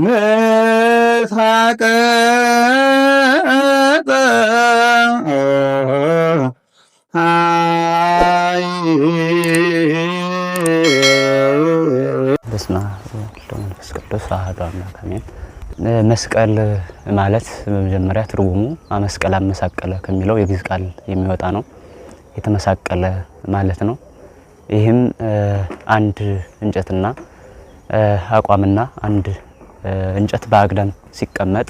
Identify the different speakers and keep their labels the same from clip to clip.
Speaker 1: ምሥራቀ በስመ አብ ወመንፈስ ቅዱስ አሐዱ አምላክ አሜን። መስቀል ማለት በመጀመሪያ ትርጉሙ አመስቀል አመሳቀለ ከሚለው የግዕዝ ቃል የሚወጣ ነው። የተመሳቀለ ማለት ነው። ይህም አንድ እንጨትና አቋምና አንድ እንጨት በአግዳም ሲቀመጥ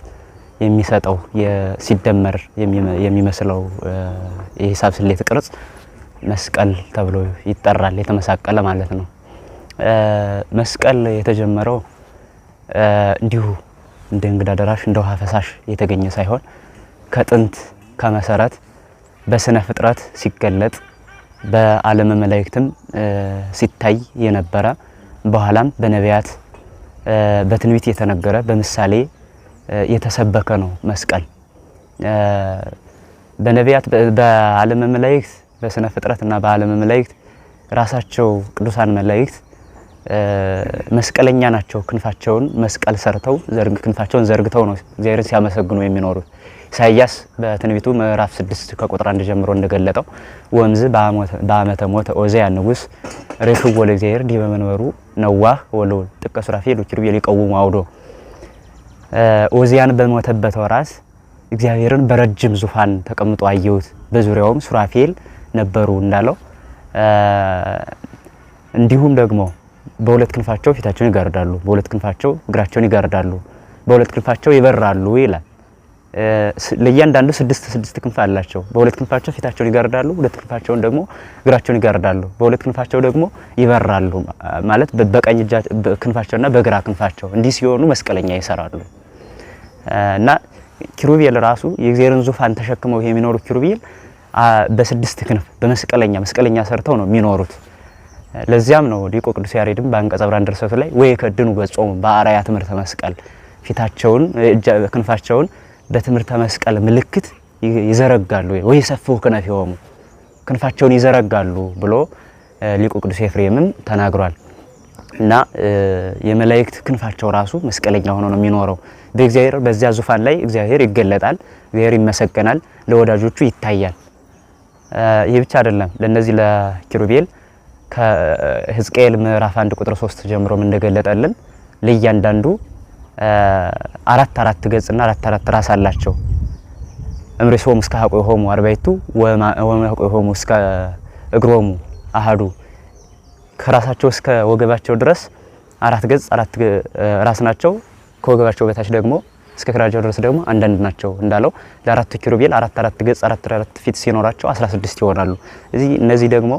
Speaker 1: የሚሰጠው ሲደመር የሚመስለው የሂሳብ ስሌት ቅርጽ መስቀል ተብሎ ይጠራል። የተመሳቀለ ማለት ነው። መስቀል የተጀመረው እንዲሁ እንደ እንግዳ ደራሽ እንደ ውሃ ፈሳሽ የተገኘ ሳይሆን ከጥንት ከመሰረት በስነ ፍጥረት ሲገለጥ በዓለመ መላእክትም ሲታይ የነበረ በኋላም በነቢያት በትንቢት የተነገረ በምሳሌ የተሰበከ ነው መስቀል። በነቢያት በዓለመ መላእክት በስነ ፍጥረት እና በዓለመ መላእክት ራሳቸው ቅዱሳን መላእክት መስቀለኛ ናቸው። ክንፋቸውን መስቀል ሰርተው ክንፋቸውን ዘርግተው ነው እግዚአብሔርን ሲያመሰግኑ የሚኖሩት። ኢሳይያስ በትንቢቱ ምዕራፍ 6 ከቁጥር 1 ጀምሮ እንደገለጠው ወንዝ በአመተ ሞተ ኦዚያ ንጉስ ርክቦ ለእግዚአብሔር ዲበ መንበሩ ነዋህ ወሎ ጥቀሱ ራፊ ዶክሩ የሊቀውሙ አውዶ ኦዚያን በሞተበት ወራት እግዚአብሔርን በረጅም ዙፋን ተቀምጦ አየሁት፣ በዙሪያውም ሱራፌል ነበሩ እንዳለው እንዲሁም ደግሞ በሁለት ክንፋቸው ፊታቸውን ይጋርዳሉ፣ በሁለት ክንፋቸው እግራቸውን ይጋርዳሉ፣ በሁለት ክንፋቸው ይበራሉ ይላል። ለእያንዳንዱ ስድስት ስድስት ክንፍ አላቸው። በሁለት ክንፋቸው ፊታቸውን ይጋርዳሉ፣ ሁለት ክንፋቸውን ደግሞ እግራቸውን ይጋርዳሉ፣ በሁለት ክንፋቸው ደግሞ ይበራሉ። ማለት በቀኝ እጃ ክንፋቸውና በግራ ክንፋቸው እንዲህ ሲሆኑ መስቀለኛ ይሰራሉ እና ኪሩቤል ራሱ የእግዚአብሔርን ዙፋን ተሸክመው የሚኖሩ ኪሩቤል በስድስት ክንፍ በመስቀለኛ መስቀለኛ ሰርተው ነው የሚኖሩት። ለዚያም ነው ሊቆ ቅዱስ ያሬድም በአንቀጸ ብርሃን ድርሰቱ ላይ ወይ ከድኑ በጾሙ በአርአያ ትምህርተ መስቀል ፊታቸውን ክንፋቸውን በትምህርተ መስቀል ምልክት ይዘረጋሉ ወይ ሰፍሑ ክነፊሆሙ ክንፋቸውን ይዘረጋሉ ብሎ ሊቁ ቅዱስ ኤፍሬምም ተናግሯል። እና የመላእክት ክንፋቸው ራሱ መስቀለኛ ሆኖ ነው የሚኖረው በእግዚአብሔር በዚያ ዙፋን ላይ እግዚአብሔር ይገለጣል፣ እግዚአብሔር ይመሰገናል፣ ለወዳጆቹ ይታያል። ይህ ብቻ አይደለም። ለነዚህ ለኪሩቤል ከሕዝቅኤል ምዕራፍ 1 ቁጥር 3 ጀምሮም እንደገለጠልን ለእያንዳንዱ አራት አራት ገጽና አራት አራት ራስ አላቸው። እምርእሶሙ እስከ ሀቆሆሙ አርባይቱ ወማቆሆሙ እስከ እግሮሙ አሃዱ ከራሳቸው እስከ ወገባቸው ድረስ አራት ገጽ አራት ራስ ናቸው። ከወገባቸው በታች ደግሞ እስከ ክራቸው ድረስ ደግሞ አንዳንድ ናቸው እንዳለው ለአራቱ ኪሩቤል አራት አራት ገጽ አራት አራት ፊት ሲኖራቸው 16 ይሆናሉ። እዚህ እነዚህ ደግሞ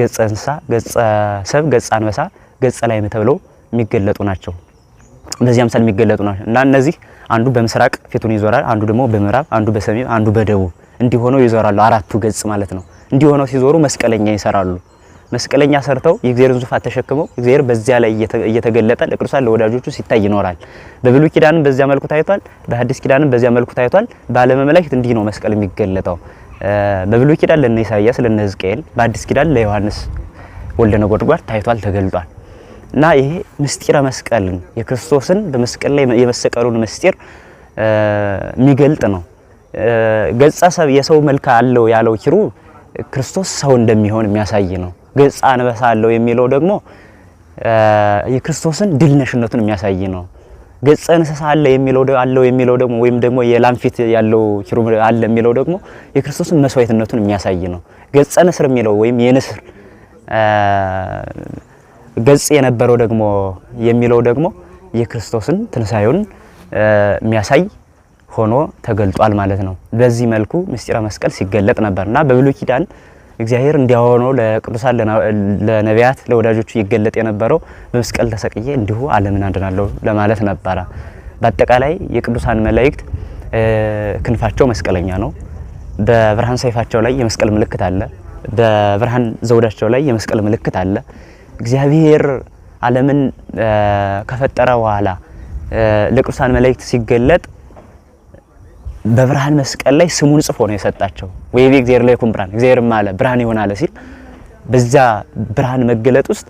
Speaker 1: ገጸ እንስሳ፣ ገጸ ሰብ፣ ገጸ አንበሳ፣ ገጸ ላይም ተብለው የሚገለጡ ናቸው። በዚህ አምሳል የሚገለጡ ናቸው እና እነዚህ አንዱ በምስራቅ ፊቱን ይዞራል፣ አንዱ ደግሞ በምዕራብ፣ አንዱ በሰሜን፣ አንዱ በደቡብ እንዲሆነው ይዞራሉ። አራቱ ገጽ ማለት ነው። እንዲሆነው ሲዞሩ መስቀለኛ ይሰራሉ። መስቀለኛ ሰርተው የእግዚአብሔርን ዙፋን ተሸክመው እግዚአብሔር በዚያ ላይ እየተገለጠ ለቅዱሳን ለወዳጆቹ ሲታይ ይኖራል። በብሉይ ኪዳንም በዚያ መልኩ ታይቷል። በሐዲስ ኪዳንም በዚያ መልኩ ታይቷል። በዓለመ መላእክት እንዲህ ነው መስቀል የሚገለጠው። በብሉይ ኪዳን ለነ ኢሳያስ ለነ ሕዝቅኤል፣ በሐዲስ ኪዳን ለዮሐንስ ወልደ ነጎድጓድ ታይቷል፣ ተገልጧል። እና ይሄ ምስጢረ መስቀልን የክርስቶስን በመስቀል ላይ የመሰቀሉን ምስጢር የሚገልጥ ነው። ገጸ ሰብ የሰው መልክ አለው ያለው ኪሩ ክርስቶስ ሰው እንደሚሆን የሚያሳይ ነው። ገጸ አንበሳ አለው የሚለው ደግሞ የክርስቶስን ድልነሽነቱን የሚያሳይ ነው። ገጸ እንስሳ አለ የሚለው አለው የሚለው ደግሞ ወይም ደግሞ የላምፊት ያለው ኪሩ አለ የሚለው ደግሞ የክርስቶስን መስዋዕትነቱን የሚያሳይ ነው። ገጸ ንስር የሚለው ወይም የንስር ገጽ የነበረው ደግሞ የሚለው ደግሞ የክርስቶስን ትንሳኤውን የሚያሳይ ሆኖ ተገልጧል ማለት ነው። በዚህ መልኩ ምስጢረ መስቀል ሲገለጥ ነበር እና በብሉይ ኪዳን እግዚአብሔር እንዲያሆነው ለቅዱሳን ለነቢያት፣ ለወዳጆቹ ይገለጥ የነበረው በመስቀል ተሰቅዬ እንዲሁ ዓለምን አድናለሁ ለማለት ነበረ። በአጠቃላይ የቅዱሳን መላእክት ክንፋቸው መስቀለኛ ነው። በብርሃን ሰይፋቸው ላይ የመስቀል ምልክት አለ። በብርሃን ዘውዳቸው ላይ የመስቀል ምልክት አለ። እግዚአብሔር ዓለምን ከፈጠረ በኋላ ለቅዱሳን መላእክት ሲገለጥ በብርሃን መስቀል ላይ ስሙን ጽፎ ነው የሰጣቸው። ወይቤ እግዚአብሔር ላይ ብርሃን፣ እግዚአብሔርም አለ ብርሃን ይሆናል ሲል በዛ ብርሃን መገለጥ ውስጥ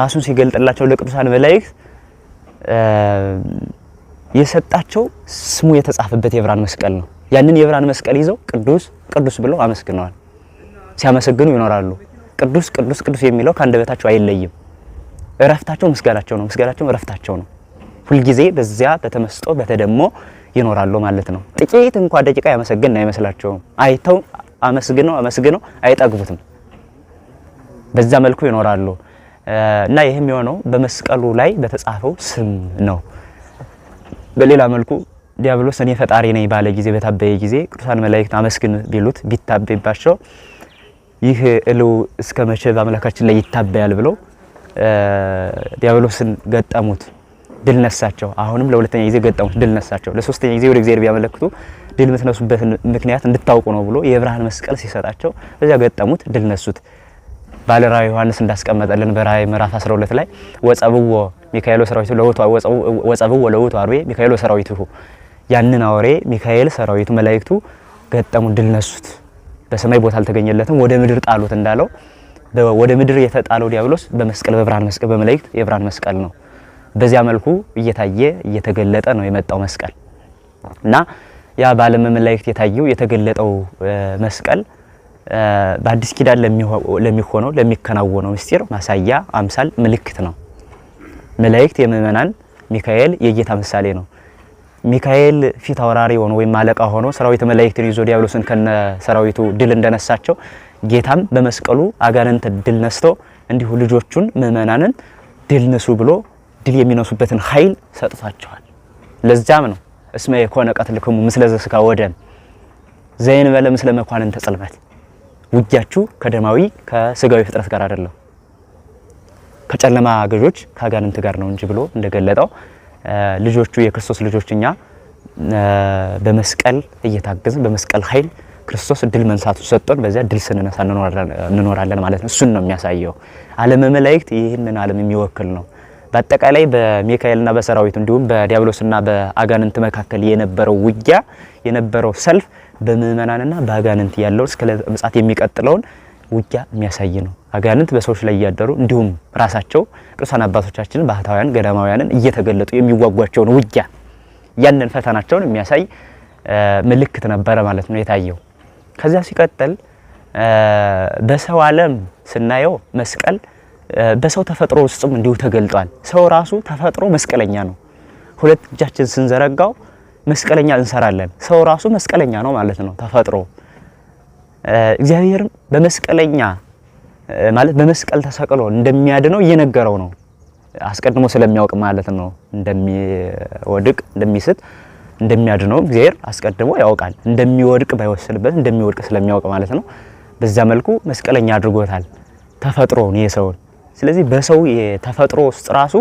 Speaker 1: ራሱን ሲገልጥላቸው ለቅዱሳን መላእክት የሰጣቸው ስሙ የተጻፈበት የብርሃን መስቀል ነው። ያንን የብርሃን መስቀል ይዘው ቅዱስ ቅዱስ ብለው አመስግነዋል፣ ሲያመሰግኑ ይኖራሉ። ቅዱስ ቅዱስ ቅዱስ የሚለው ከአንደበታቸው አይለይም። እረፍታቸው ምስጋናቸው ነው፣ ምስጋናቸው እረፍታቸው ነው። ሁልጊዜ በዚያ በተመስጦ በተደሞ ይኖራሉ ማለት ነው። ጥቂት እንኳ ደቂቃ ያመሰግን አይመስላቸውም። አይተው አመስግነው አመስግነው አይጠግቡትም። በዛ መልኩ ይኖራሉ እና ይህም የሆነው በመስቀሉ ላይ በተጻፈው ስም ነው። በሌላ መልኩ ዲያብሎስ እኔ ፈጣሪ ነኝ ባለ ጊዜ በታበየ ጊዜ ቅዱሳን መላእክት አመስግን ቢሉት ቢታበይባቸው ይህ እልው እስከ መቼ በአምላካችን ላይ ይታበያል ብለው ዲያብሎስን ገጠሙት፣ ድል ነሳቸው። አሁንም ለሁለተኛ ጊዜ ገጠሙት፣ ድል ነሳቸው። ለሶስተኛ ጊዜ ወደ እግዚአብሔር ቢያመለክቱ ድል የምትነሱበትን ምክንያት እንድታውቁ ነው ብሎ የብርሃን መስቀል ሲሰጣቸው በዚያ ገጠሙት፣ ድል ነሱት። ባለራዕይ ዮሐንስ እንዳስቀመጠልን በራዕይ ምዕራፍ 12 ላይ ወጸብዎ ሚካኤል ሰራዊቱ ለውቱ ወጸብዎ ለውቱ አርዌ ሚካኤል ሰራዊቱ ያንን አውሬ ሚካኤል ሰራዊቱ መላእክቱ ገጠሙ፣ ድል ነሱት። በሰማይ ቦታ አልተገኘለትም፣ ወደ ምድር ጣሉት እንዳለው ወደ ምድር የተጣለው ዲያብሎስ በመስቀል በብርሃን መስቀል በመላእክት የብርሃን መስቀል ነው። በዚያ መልኩ እየታየ እየተገለጠ ነው የመጣው መስቀል እና ያ በዓለም መላእክት የታየው የተገለጠው መስቀል በአዲስ ኪዳን ለሚሆነው ለሚከናወነው ምስጢር ማሳያ አምሳል ምልክት ነው። መላእክት የምእመናን ሚካኤል የጌታ ምሳሌ ነው። ሚካኤል ፊት አውራሪ ሆኖ ወይም አለቃ ሆኖ ሰራዊት መላእክትን ይዞ ዲያብሎስን ከነ ሰራዊቱ ድል እንደነሳቸው ጌታም በመስቀሉ አጋንንት ድል ነስተው እንዲሁ ልጆቹን ምእመናንን ድል ንሱ ብሎ ድል የሚነሱበትን ኃይል ሰጥቷቸዋል። ለዛም ነው እስመ የኮነ ቀትልክሙ ምስለ ዘስጋ ወደም ዘይን በለ ምስለ መኳንን ጽልመት፣ ውጊያችሁ ከደማዊ ከስጋዊ ፍጥረት ጋር አይደለም ከጨለማ ገዦች ከአጋንንት ጋር ነው እንጂ ብሎ እንደገለጠው ልጆቹ የክርስቶስ ልጆች እኛ በመስቀል እየታገዝን በመስቀል ኃይል ክርስቶስ ድል መንሳቱ ሰጥቶን በዚያ ድል ስንነሳ እንኖራለን ማለት ነው። እሱን ነው የሚያሳየው። ዓለመ መላእክት ይህንን ዓለም የሚወክል ነው። በአጠቃላይ በሚካኤልና በሰራዊት እንዲሁም በዲያብሎስና በአጋንንት መካከል የነበረው ውጊያ የነበረው ሰልፍ በምእመናንና በአጋንንት ያለውን እስከ ምጽአት የሚቀጥለውን ውጊያ የሚያሳይ ነው። አጋንንት በሰዎች ላይ እያደሩ እንዲሁም ራሳቸው ቅዱሳን አባቶቻችንን ባህታውያን ገዳማውያንን እየተገለጡ የሚዋጓቸውን ውጊያ ያንን ፈተናቸውን የሚያሳይ ምልክት ነበረ ማለት ነው የታየው። ከዚያ ሲቀጥል በሰው ዓለም ስናየው መስቀል በሰው ተፈጥሮ ውስጥም እንዲሁ ተገልጧል። ሰው ራሱ ተፈጥሮ መስቀለኛ ነው። ሁለት እጃችን ስንዘረጋው መስቀለኛ እንሰራለን። ሰው ራሱ መስቀለኛ ነው ማለት ነው ተፈጥሮ እግዚአብሔርም በመስቀለኛ ማለት በመስቀል ተሰቅሎ እንደሚያድነው እየነገረው ነው። አስቀድሞ ስለሚያውቅ ማለት ነው። እንደሚወድቅ እንደሚስት እንደሚያድነው እግዚአብሔር አስቀድሞ ያውቃል። እንደሚወድቅ ባይወስንበት እንደሚወድቅ ስለሚያውቅ ማለት ነው። በዛ መልኩ መስቀለኛ አድርጎታል ተፈጥሮውን የሰውን። ስለዚህ በሰው የተፈጥሮ ውስጥ ራሱ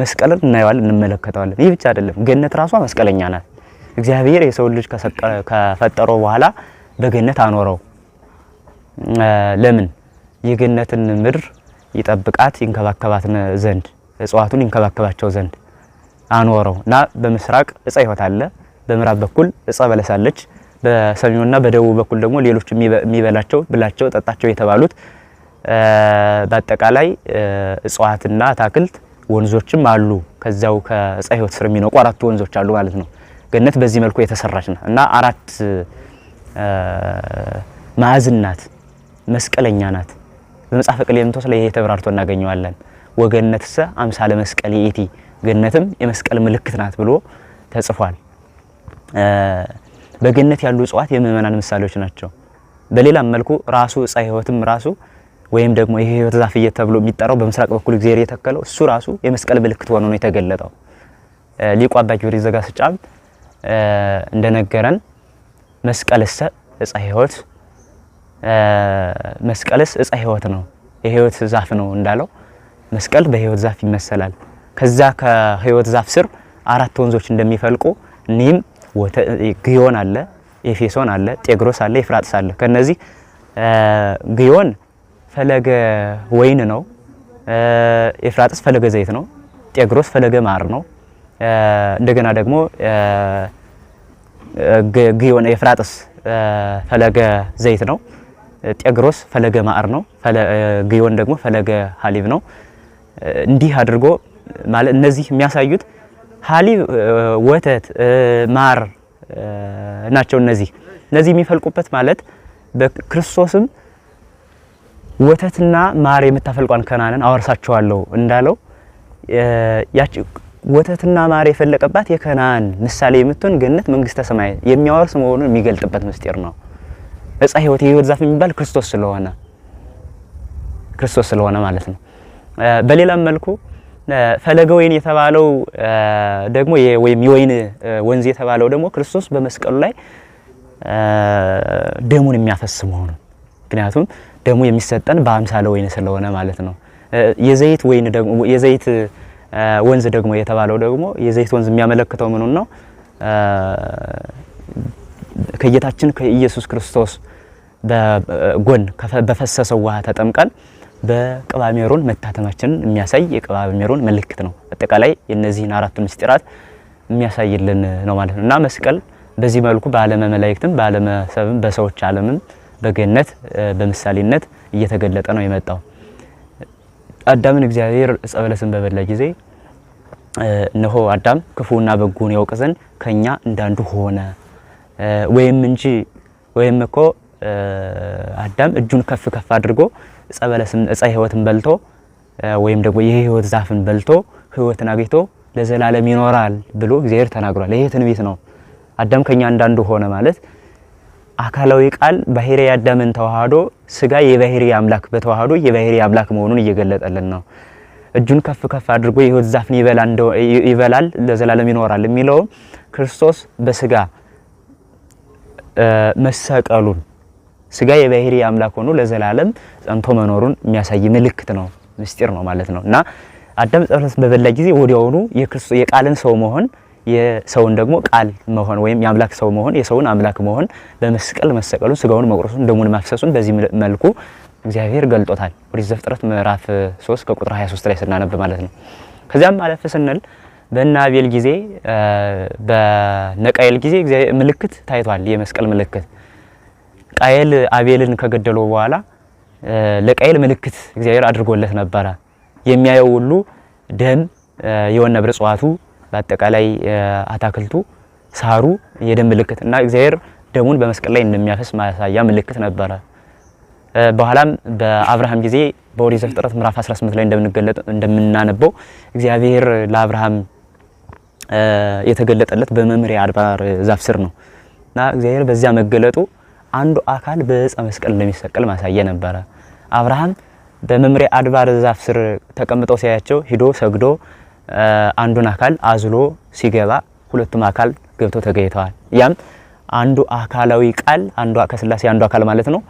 Speaker 1: መስቀልን እናየዋለን፣ እንመለከተዋለን። ይህ ብቻ አይደለም፣ ገነት ራሷ መስቀለኛ ናት። እግዚአብሔር የሰውን ልጅ ከፈጠረው በኋላ በገነት አኖረው። ለምን የገነትን ምድር ይጠብቃት ይንከባከባት ዘንድ እጽዋቱን ይንከባከባቸው ዘንድ አኖረው እና በምስራቅ እጸ ሕይወት አለ፣ በምዕራብ በኩል እጸ በለስ አለች፣ በሰሜንና በደቡብ በኩል ደግሞ ሌሎች የሚበላቸው ብላቸው ጠጣቸው የተባሉት በአጠቃላይ እጽዋትና አታክልት ወንዞችም አሉ። ከዛው ከእጸ ሕይወት ስር የሚነቁ አራቱ ወንዞች አሉ ማለት ነው። ገነት በዚህ መልኩ የተሰራች ነው እና አራት ማዕዝን ናት። መስቀለኛ ናት። በመጽሐፈ ቀሌምንጦስ ላይ ይሄ ተብራርቶ እናገኘዋለን። ወገነትሰ አምሳለ መስቀል ይእቲ፣ ገነትም የመስቀል ምልክት ናት ብሎ ተጽፏል። በገነት ያሉ እጽዋት የምእመናን ምሳሌዎች ናቸው። በሌላም መልኩ ራሱ እፀ ህይወትም ራሱ ወይም ደግሞ ህይወት ዛፍ ተብሎ የሚጠራው በምስራቅ በኩል እግዚአብሔር የተከለው እሱ ራሱ የመስቀል ምልክት ሆኖ ነው የተገለጠው። ሊቁ አባ ጊዮርጊስ ዘጋስጫም እንደነገረን መስቀልሰ እፀ ህይወት መስቀልስ እፀ ህይወት ነው የህይወት ዛፍ ነው እንዳለው መስቀል በህይወት ዛፍ ይመሰላል። ከዛ ከህይወት ዛፍ ስር አራት ወንዞች እንደሚፈልቁ እኒህም ግዮን አለ፣ ኤፌሶን አለ፣ ጤግሮስ አለ፣ ኤፍራጥስ አለ። ከነዚህ ግዮን ፈለገ ወይን ነው። ኤፍራጥስ ፈለገ ዘይት ነው። ጤግሮስ ፈለገ ማር ነው። እንደገና ደግሞ ግዮን ኤፍራጥስ ፈለገ ዘይት ነው። ጤግሮስ ፈለገ ማዕር ነው። ግዮን ደግሞ ፈለገ ሀሊብ ነው። እንዲህ አድርጎ ማለት እነዚህ የሚያሳዩት ሀሊብ፣ ወተት፣ ማር ናቸው። እነዚህ እነዚህ የሚፈልቁበት ማለት በክርስቶስም ወተትና ማር የምታፈልቋን ከናንን አወርሳቸዋለሁ እንዳለው ያቺ ወተትና ማር የፈለቀባት የከናን ምሳሌ የምትሆን ገነት መንግስተ ሰማያት የሚያወርስ መሆኑን የሚገልጥበት ምስጢር ነው። እፀ ህይወት የሕይወት ዛፍ የሚባል ክርስቶስ ስለሆነ ክርስቶስ ስለሆነ ማለት ነው። በሌላም መልኩ ፈለገ ወይን የተባለው ደግሞ ወይም የወይን ወንዝ የተባለው ደግሞ ክርስቶስ በመስቀሉ ላይ ደሙን የሚያፈስ መሆኑ ምክንያቱም ደሙ የሚሰጠን በአምሳለ ወይን ስለሆነ ማለት ነው። የዘይት ወይን ደግሞ የዘይት ወንዝ ደግሞ የተባለው ደግሞ የዘይት ወንዝ የሚያመለክተው ምኑን ነው? ከጌታችን ከኢየሱስ ክርስቶስ በጎን በፈሰሰው ውሃ ተጠምቀን በቅባሜሮን መታተማችንን የሚያሳይ የቅባሜሮን ምልክት ነው። አጠቃላይ የእነዚህን አራቱ ምስጢራት የሚያሳይልን ነው ማለት ነው እና መስቀል በዚህ መልኩ በዓለመ መላእክትም በዓለመ ሰብም በሰዎች ዓለምም በገነት በምሳሌነት እየተገለጠ ነው የመጣው። አዳምን እግዚአብሔር ዕፀ በለስን በበላ ጊዜ እነሆ አዳም ክፉና በጎን ያውቅ ዘንድ ከኛ እንዳንዱ ሆነ ወይም እንጂ ወይም እኮ አዳም እጁን ከፍ ከፍ አድርጎ እጸ በለስም እጸ ሕይወትን በልቶ ወይም ደግሞ የሕይወት ዛፍን በልቶ ህይወትን አግኝቶ ለዘላለም ይኖራል ብሎ እግዚአብሔር ተናግሯል። ይሄ ትንቢት ነው። አዳም ከኛ አንዳንዱ ሆነ ማለት አካላዊ ቃል ባህሪ አዳምን ተዋህዶ ስጋ የባህሪ አምላክ በተዋህዶ የባህሪ አምላክ መሆኑን እየገለጠልን ነው። እጁን ከፍ ከፍ አድርጎ የሕይወት ዛፍን ይበላል ለዘላለም ይኖራል የሚለውም ክርስቶስ በስጋ መሰቀሉን ስጋ የባህሪ አምላክ ሆኖ ለዘላለም ጸንቶ መኖሩን የሚያሳይ ምልክት ነው፣ ምስጢር ነው ማለት ነው እና አዳም ጸፍረስ በበላ ጊዜ ወዲያውኑ የክርስቶስ የቃልን ሰው መሆን የሰውን ደግሞ ቃል መሆን ወይም የአምላክ ሰው መሆን የሰውን አምላክ መሆን በመስቀል መሰቀሉን ስጋውን መቁረሱን ደሙን ማፍሰሱን በዚህ መልኩ እግዚአብሔር ገልጦታል። ወደ ዘፍጥረት ምዕራፍ 3 ከቁጥር 23 ላይ ስናነብ ማለት ነው። ከዚያም አለፍ ስንል በእነ አቤል ጊዜ በነቃኤል ጊዜ ምልክት ታይቷል። የመስቀል ምልክት ቃየል አቤልን ከገደሎ በኋላ ለቃየል ምልክት እግዚአብሔር አድርጎለት ነበረ። የሚያየው ሁሉ ደም የሆነ ነብር እጽዋቱ በአጠቃላይ አታክልቱ፣ ሳሩ የደም ምልክት እና እግዚአብሔር ደሙን በመስቀል ላይ እንደሚያፈስ ማሳያ ምልክት ነበረ። በኋላም በአብርሃም ጊዜ በኦሪት ዘፍጥረት ምዕራፍ 18 ላይ እንደምንገለጥ እንደምናነበው እግዚአብሔር ለአብርሃም የተገለጠለት በመምሪያ አድባር ዛፍ ስር ነው እና እግዚአብሔር በዚያ መገለጡ አንዱ አካል በዕፀ መስቀል እንደሚሰቀል ማሳየ ነበረ። አብርሃም በመምሪያ አድባር ዛፍ ስር ተቀምጦ ሲያያቸው ሂዶ ሰግዶ አንዱን አካል አዝሎ ሲገባ ሁለቱም አካል ገብተው ተገኝተዋል። ያም አንዱ አካላዊ ቃል አንዱ ከስላሴ አንዱ አካል ማለት ነው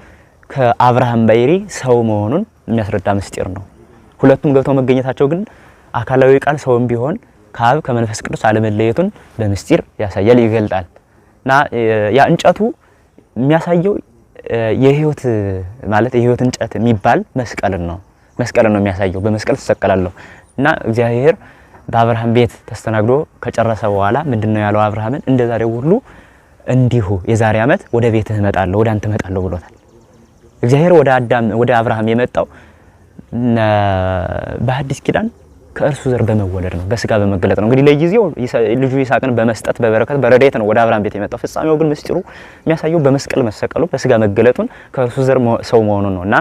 Speaker 1: ከአብርሃም ባይሪ ሰው መሆኑን የሚያስረዳ ምስጢር ነው። ሁለቱም ገብተው መገኘታቸው ግን አካላዊ ቃል ሰውም ቢሆን ከአብ ከመንፈስ ቅዱስ አለመለየቱን በምስጢር ያሳያል፣ ይገልጣል እና ያ እንጨቱ የሚያሳየው የህይወት ማለት የህይወት እንጨት የሚባል መስቀልን ነው መስቀልን ነው የሚያሳየው። በመስቀል ትሰቀላለሁ እና እግዚአብሔር በአብርሃም ቤት ተስተናግዶ ከጨረሰ በኋላ ምንድን ነው ያለው? አብርሃምን እንደ ዛሬው ሁሉ እንዲሁ የዛሬ ዓመት ወደ ቤትህ እመጣለሁ ወደ አንተ እመጣለሁ ብሎታል። እግዚአብሔር ወደ አዳም ወደ አብርሃም የመጣው በአዲስ ኪዳን ከእርሱ ዘር በመወለድ ነው፣ በስጋ በመገለጥ ነው። እንግዲህ ለጊዜው ልጁ ይስሐቅን በመስጠት በበረከት በረድኤት ነው ወደ አብርሃም ቤት የመጣው። ፍጻሜው ግን ምስጢሩ የሚያሳየው በመስቀል መሰቀሉ በስጋ መገለጡን ከእርሱ ዘር ሰው መሆኑን ነው እና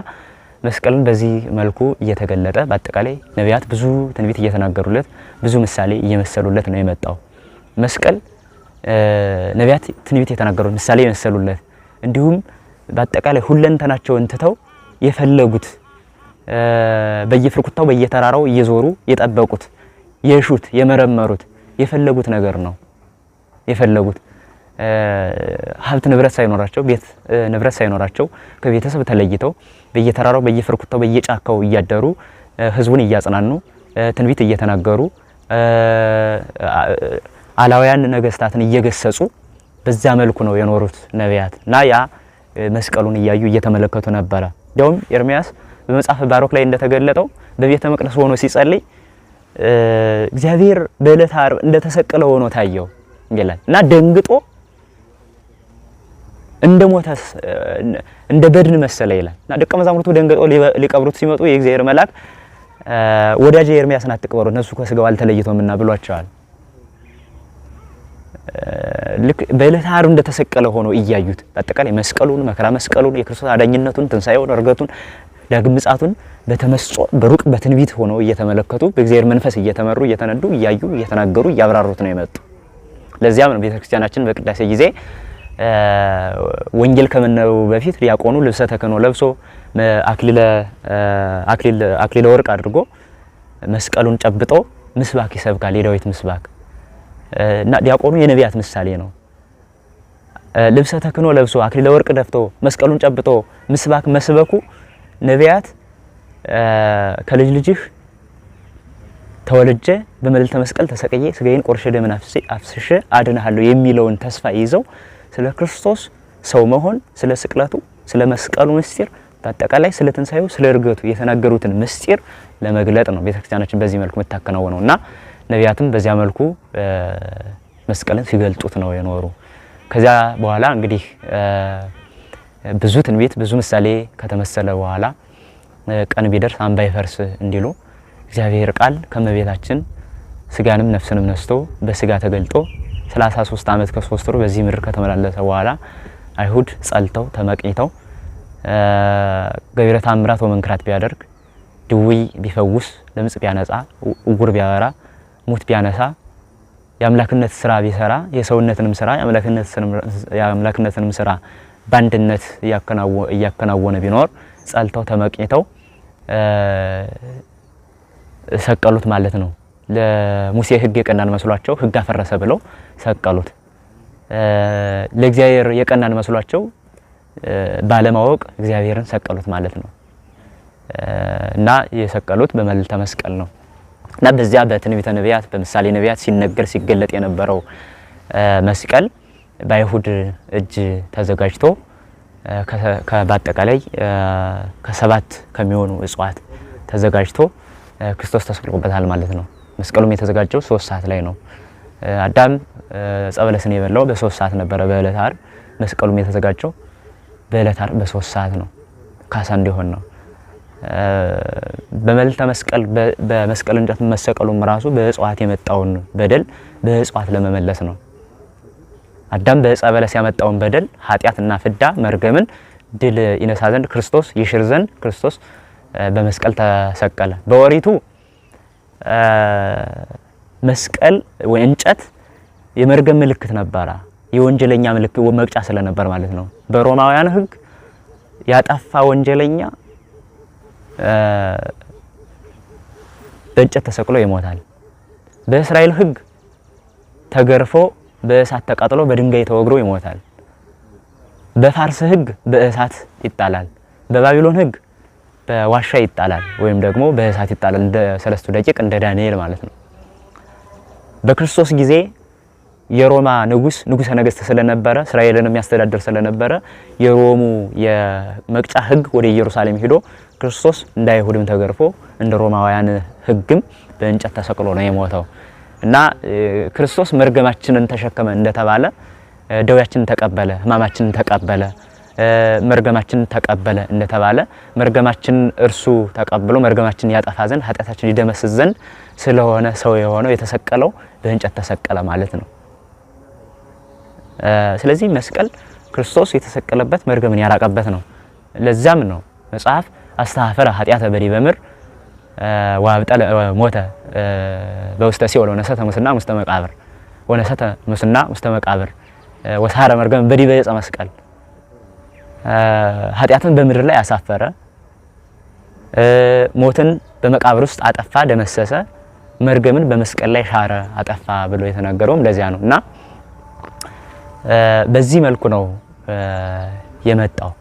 Speaker 1: መስቀልን በዚህ መልኩ እየተገለጠ በአጠቃላይ ነቢያት ብዙ ትንቢት እየተናገሩለት ብዙ ምሳሌ እየመሰሉለት ነው የመጣው። መስቀል ነቢያት ትንቢት የተናገሩት ምሳሌ የመሰሉለት እንዲሁም በአጠቃላይ ሁለንተናቸውን ትተው የፈለጉት በየፍርኩታው በየተራራው እየዞሩ የጠበቁት የሹት የመረመሩት የፈለጉት ነገር ነው የፈለጉት ሀብት ንብረት ሳይኖራቸው ቤት ንብረት ሳይኖራቸው ከቤተሰብ ተለይተው በየተራራው በየፍርኩታው በየጫካው እያደሩ ህዝቡን እያጽናኑ ትንቢት እየተናገሩ አላውያን ነገስታትን እየገሰጹ በዛ መልኩ ነው የኖሩት ነቢያት እና ያ መስቀሉን እያዩ እየተመለከቱ ነበረ። እንዲያውም ኤርሚያስ በመጽሐፈ ባሮክ ላይ እንደተገለጠው በቤተ መቅደስ ሆኖ ሲጸልይ እግዚአብሔር በዕለተ ዓርብ እንደተሰቀለ ሆኖ ታየው ይላል እና ደንግጦ እንደ ሞተ እንደ በድን መሰለ ይላል እና ደቀ መዛሙርቱ ደንግጦ ሊቀብሩት ሲመጡ የእግዚአብሔር መልአክ ወዳጅ ኤርሚያስን አትቅበሩት እነሱ ከስጋው አልተለይቶምና ብሏቸዋል። ልክ በዕለተ ዓርብ እንደተሰቀለ ሆኖ እያዩት በአጠቃላይ መስቀሉን መከራ መስቀሉን የክርስቶስ አዳኝነቱን ትንሳኤውን እርገቱን ዳግም ምጻቱን በተመስጦ በሩቅ በትንቢት ሆኖ እየተመለከቱ በእግዚአብሔር መንፈስ እየተመሩ እየተነዱ እያዩ እየተናገሩ እያብራሩት ነው የመጡ። ለዚያም ነው ቤተክርስቲያናችን በቅዳሴ ጊዜ ወንጌል ከመነበቡ በፊት ዲያቆኑ ልብሰ ተክህኖ ለብሶ አክሊለ ወርቅ አድርጎ መስቀሉን ጨብጦ ምስባክ ይሰብካል፣ የዳዊት ምስባክ እና ዲያቆኑ የነቢያት ምሳሌ ነው። ልብሰ ተክህኖ ለብሶ አክሊለ ወርቅ ደፍቶ መስቀሉን ጨብጦ ምስባክ መስበኩ ነቢያት ከልጅ ልጅህ ተወልጀ በመልዕልተ መስቀል ተሰቅዬ ስጋዬን ቆርሼ ደምን አፍስሼ አድንሃለሁ የሚለውን ተስፋ ይዘው ስለ ክርስቶስ ሰው መሆን፣ ስለ ስቅለቱ፣ ስለ መስቀሉ ምስጢር በአጠቃላይ ስለ ትንሳኤው፣ ስለ እርገቱ የተናገሩትን ምስጢር ለመግለጥ ነው ቤተክርስቲያናችን በዚህ መልኩ የምታከናውነው እና ነቢያትም በዚያ መልኩ መስቀልን ሲገልጡት ነው የኖሩ። ከዚያ በኋላ እንግዲህ ብዙ ትንቢት ብዙ ምሳሌ ከተመሰለ በኋላ ቀን ቢደርስ አምባ ፈርስ እንዲሉ እግዚአብሔር ቃል ከመቤታችን ስጋንም ነፍስንም ነስቶ በስጋ ተገልጦ 33 ዓመት ከሶስት ወር በዚህ ምድር ከተመላለሰ በኋላ አይሁድ ጸልተው ተመቅኝተው ገቢረ ተአምራት ወመንክራት ቢያደርግ ድውይ ቢፈውስ፣ ለምጽ ቢያነጻ፣ እውር ቢያበራ፣ ሙት ቢያነሳ፣ የአምላክነት ስራ ቢሰራ የሰውነትንም ስራ የአምላክነትንም ስራ በአንድነት እያከናወነ ቢኖር ጸልተው ተመቅኝተው ሰቀሉት ማለት ነው። ለሙሴ ሕግ የቀናን መስሏቸው ሕግ አፈረሰ ብለው ሰቀሉት። ለእግዚአብሔር የቀናን መስሏቸው ባለማወቅ እግዚአብሔርን ሰቀሉት ማለት ነው እና የሰቀሉት በመልዕልተ መስቀል ነው እና በዚያ በትንቢተ ነቢያት በምሳሌ ነቢያት ሲነገር ሲገለጥ የነበረው መስቀል በአይሁድ እጅ ተዘጋጅቶ በአጠቃላይ ከሰባት ከሚሆኑ እጽዋት ተዘጋጅቶ ክርስቶስ ተሰቅሎበታል ማለት ነው። መስቀሉም የተዘጋጀው ሶስት ሰዓት ላይ ነው። አዳም ጸበለስን የበላው በሶስት ሰዓት ነበረ በዕለት ዓርብ። መስቀሉም የተዘጋጀው በዕለት ዓርብ በሶስት ሰዓት ነው፣ ካሳ እንዲሆን ነው። በመልተ መስቀል በመስቀል እንጨት መሰቀሉም ራሱ በእጽዋት የመጣውን በደል በእጽዋት ለመመለስ ነው። አዳም በዕፀ በለስ ያመጣውን በደል ኃጢአትና ፍዳ መርገምን ድል ይነሳ ዘንድ ክርስቶስ ይሽር ዘንድ ክርስቶስ በመስቀል ተሰቀለ። በወሪቱ መስቀል ወይ እንጨት የመርገም ምልክት ነበረ፣ የወንጀለኛ ምልክት መቅጫ ስለነበር ማለት ነው። በሮማውያን ሕግ ያጠፋ ወንጀለኛ በእንጨት ተሰቅሎ ይሞታል። በእስራኤል ሕግ ተገርፎ በእሳት ተቃጥሎ በድንጋይ ተወግሮ ይሞታል። በፋርስ ህግ በእሳት ይጣላል። በባቢሎን ህግ በዋሻ ይጣላል ወይም ደግሞ በእሳት ይጣላል። እንደ ሰለስቱ ደቂቅ እንደ ዳንኤል ማለት ነው። በክርስቶስ ጊዜ የሮማ ንጉስ ንጉሰ ነገስት ስለነበረ እስራኤልን የሚያስተዳድር ስለነበረ የሮሙ የመቅጫ ህግ ወደ ኢየሩሳሌም ሄዶ ክርስቶስ እንደ አይሁድም ተገርፎ እንደ ሮማውያን ህግም በእንጨት ተሰቅሎ ነው የሞተው። እና ክርስቶስ መርገማችንን ተሸከመ እንደተባለ ደዌያችንን ተቀበለ፣ ሕማማችንን ተቀበለ፣ መርገማችንን ተቀበለ እንደተባለ መርገማችን እርሱ ተቀብሎ መርገማችን ያጠፋ ዘንድ ኃጢአታችን ይደመስስ ዘንድ ስለሆነ ሰው የሆነው የተሰቀለው በእንጨት ተሰቀለ ማለት ነው። ስለዚህ መስቀል ክርስቶስ የተሰቀለበት መርገምን ያራቀበት ነው። ለዛም ነው መጽሐፍ አስተሐፈረ ኃጢአተ በዲበ ምድር ወአብጠለ ሞተ በውስተ ሲኦል ወነሰተ ሙስና ውስተ መቃብር ወነሰተ ሙስና ውስተ መቃብር ወሰሐረ መርገም በዲበ ዕፀ መስቀል ኃጢአትን በምድር ላይ አሳፈረ፣ ሞትን በመቃብር ውስጥ አጠፋ፣ ደመሰሰ፣ መርገምን በመስቀል ላይ ሻረ፣ አጠፋ ብሎ ለዚያ ነው እና በዚህ መልኩ ነው የመጣው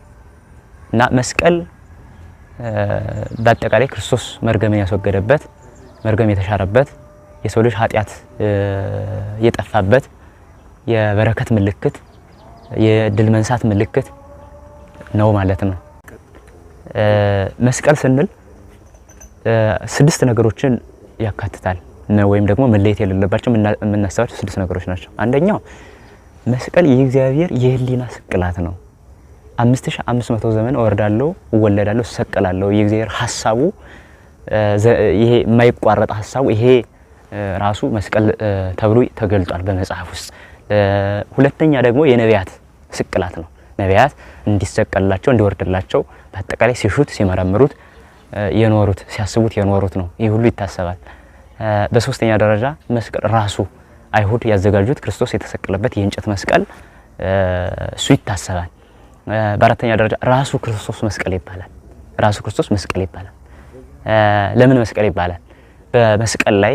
Speaker 1: እና መስቀል በአጠቃላይ ክርስቶስ መርገምን ያስወገደበት መርገም የተሻረበት የሰው ልጅ ኃጢአት የጠፋበት የበረከት ምልክት የድል መንሳት ምልክት ነው ማለት ነው። መስቀል ስንል ስድስት ነገሮችን ያካትታል ወይም ደግሞ መለየት የሌለባቸው የምናስባቸው ስድስት ነገሮች ናቸው። አንደኛው መስቀል የእግዚአብሔር የህሊና ስቅላት ነው። አምስት ሺህ አምስት መቶ ዘመን እወርዳለሁ፣ እወለዳለሁ፣ እሰቀላለሁ። የእግዚአብሔር ሀሳቡ ይሄ የማይቋረጥ ሀሳቡ ይሄ ራሱ መስቀል ተብሎ ተገልጧል በመጽሐፍ ውስጥ። ሁለተኛ ደግሞ የነቢያት ስቅላት ነው። ነቢያት እንዲሰቀልላቸው እንዲወርድላቸው በአጠቃላይ ሲሹት ሲመረምሩት የኖሩት ሲያስቡት የኖሩት ነው። ይህ ሁሉ ይታሰባል። በሶስተኛ ደረጃ መስቀል ራሱ አይሁድ ያዘጋጁት ክርስቶስ የተሰቀለበት የእንጨት መስቀል እሱ ይታሰባል። በአራተኛ ደረጃ ራሱ ክርስቶስ መስቀል ይባላል። ራሱ ክርስቶስ መስቀል ይባላል። ለምን መስቀል ይባላል? በመስቀል ላይ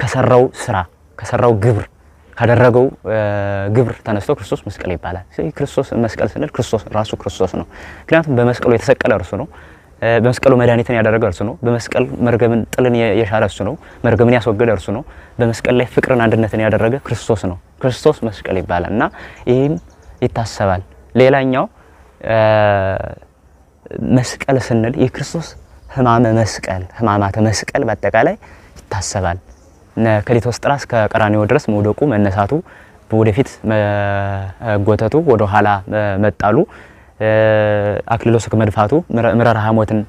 Speaker 1: ከሰራው ስራ ከሰራው ግብር ካደረገው ግብር ተነስቶ ክርስቶስ መስቀል ይባላል። ክርስቶስ መስቀል ስንል ክርስቶስ ራሱ ክርስቶስ ነው። ምክንያቱም በመስቀሉ የተሰቀለ እርሱ ነው። በመስቀሉ መድኃኒትን ያደረገ እርሱ ነው። በመስቀል መርገምን፣ ጥልን የሻረ እርሱ ነው። መርገምን ያስወገደ እርሱ ነው። በመስቀል ላይ ፍቅርን፣ አንድነትን ያደረገ ክርስቶስ ነው። ክርስቶስ መስቀል ይባላል እና ይህም ይታሰባል። ሌላኛው መስቀል ስንል የክርስቶስ ህማመ መስቀል ህማማተ መስቀል በአጠቃላይ ይታሰባል። ከሊቶስጥራ እስከ ቀራንዮ ድረስ መውደቁ፣ መነሳቱ፣ ወደፊት መጎተቱ፣ ወደ ኋላ መጣሉ፣ አክሊለ ሥግ መድፋቱ፣ ምረራ ሐሞትን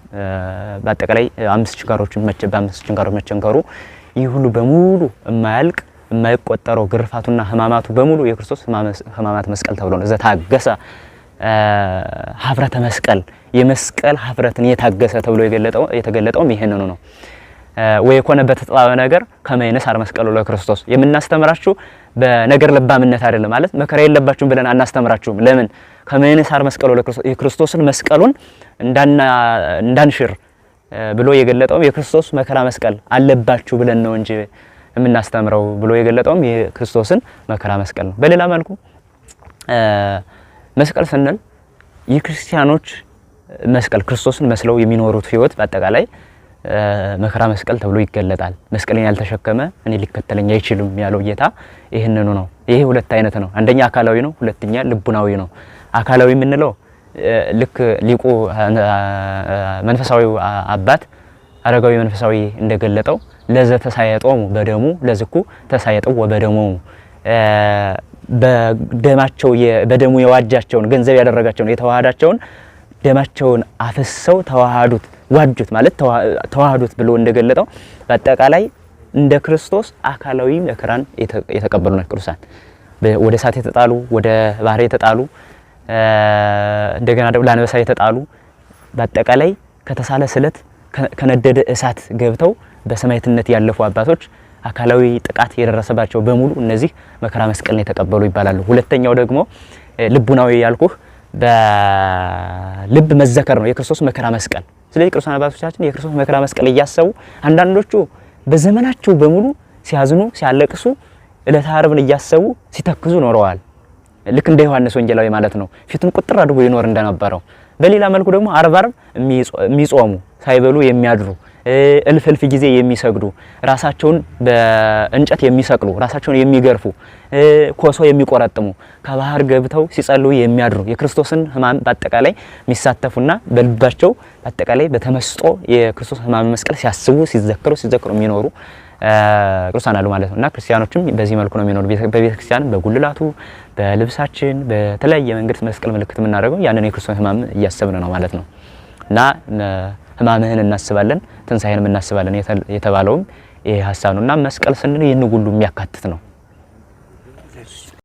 Speaker 1: በአጠቃላይ አምስት ችንካሮችን በአምስት ችንካሮች መቸንከሩ፣ ይህ ሁሉ በሙሉ የማያልቅ የማይቆጠረው ግርፋቱና ህማማቱ በሙሉ የክርስቶስ ህማማት መስቀል ተብሎ ነው ዘታገሰ ሀፍረተ መስቀል የመስቀል ሀፍረትን የታገሰ ተብሎ የተገለጠውም ይህንኑ ነው። ወይ የኮነ በተጠባበ ነገር ከመይነስ አልመስቀሉ ለክርስቶስ የምናስተምራችሁ በነገር ለባምነት አይደለም። ማለት መከራ የለባችሁም ብለን አናስተምራችሁም። ለምን ከመይነስ አልመስቀሉ ለክርስቶስ የክርስቶስን መስቀሉን እንዳንሽር ብሎ የገለጠውም የክርስቶስ መከራ መስቀል አለባችሁ ብለን ነው እንጂ የምናስተምረው ብሎ የገለጠውም የክርስቶስን መከራ መስቀል ነው። በሌላ መልኩ መስቀል ስንል የክርስቲያኖች መስቀል ክርስቶስን መስለው የሚኖሩት ህይወት በአጠቃላይ መከራ መስቀል ተብሎ ይገለጣል። መስቀልን ያልተሸከመ እኔ ሊከተለኝ አይችልም ያለው ጌታ ይህንኑ ነው። ይሄ ሁለት አይነት ነው። አንደኛ አካላዊ ነው፣ ሁለተኛ ልቡናዊ ነው። አካላዊ የምንለው ልክ ሊቁ መንፈሳዊ አባት አረጋዊ መንፈሳዊ እንደገለጠው ለዘ ተሳየጦሙ በደሙ ለዝኩ ተሳየጠው ወበደሙ በደማቸው በደሙ የዋጃቸውን ገንዘብ ያደረጋቸውን የተዋሃዳቸውን ደማቸውን አፍሰው ተዋሃዱት ዋጁት ማለት ተዋህዱት ብሎ እንደገለጠው በአጠቃላይ እንደ ክርስቶስ አካላዊ መከራን የተቀበሉ ናቸው ቅዱሳን። ወደ እሳት የተጣሉ፣ ወደ ባህር የተጣሉ፣ እንደገና ደግሞ ለአንበሳ የተጣሉ በአጠቃላይ ከተሳለ ስለት ከነደደ እሳት ገብተው በሰማዕትነት ያለፉ አባቶች አካላዊ ጥቃት የደረሰባቸው በሙሉ እነዚህ መከራ መስቀል የተቀበሉ ይባላሉ። ሁለተኛው ደግሞ ልቡናዊ ያልኩህ በልብ መዘከር ነው የክርስቶስ መከራ መስቀል። ስለዚህ ቅዱሳን አባቶቻችን የክርስቶስ መከራ መስቀል እያሰቡ አንዳንዶቹ በዘመናቸው በሙሉ ሲያዝኑ ሲያለቅሱ ዕለተ ዓርብን እያሰቡ ሲተክዙ ኖረዋል። ልክ እንደ ዮሐንስ ወንጌላዊ ማለት ነው። ፊቱን ቁጥር አድርጎ ይኖር እንደነበረው በሌላ መልኩ ደግሞ ዓርብ ዓርብ የሚጾሙ ሳይበሉ የሚያድሩ እልፍ እልፍ ጊዜ የሚሰግዱ ራሳቸውን በእንጨት የሚሰቅሉ ራሳቸውን የሚገርፉ ኮሶ የሚቆረጥሙ ከባህር ገብተው ሲጸልዩ የሚያድሩ የክርስቶስን ሕማም በአጠቃላይ የሚሳተፉና በልባቸው በአጠቃላይ በተመስጦ የክርስቶስ ሕማም መስቀል ሲያስቡ ሲዘክሩ ሲዘክሩ የሚኖሩ ቅዱሳን አሉ ማለት ነው። እና ክርስቲያኖችም በዚህ መልኩ ነው የሚኖሩ። በቤተ ክርስቲያን በጉልላቱ፣ በልብሳችን፣ በተለያየ መንገድ መስቀል ምልክት የምናደርገው ያንን የክርስቶስ ሕማም እያሰብን ነው ማለት ነው እና ህማምህን እናስባለን፣ ትንሣኤንም እናስባለን የተባለውም ይሄ ሀሳብ ነው እና መስቀል ስንል ይህን ሁሉ የሚያካትት ነው።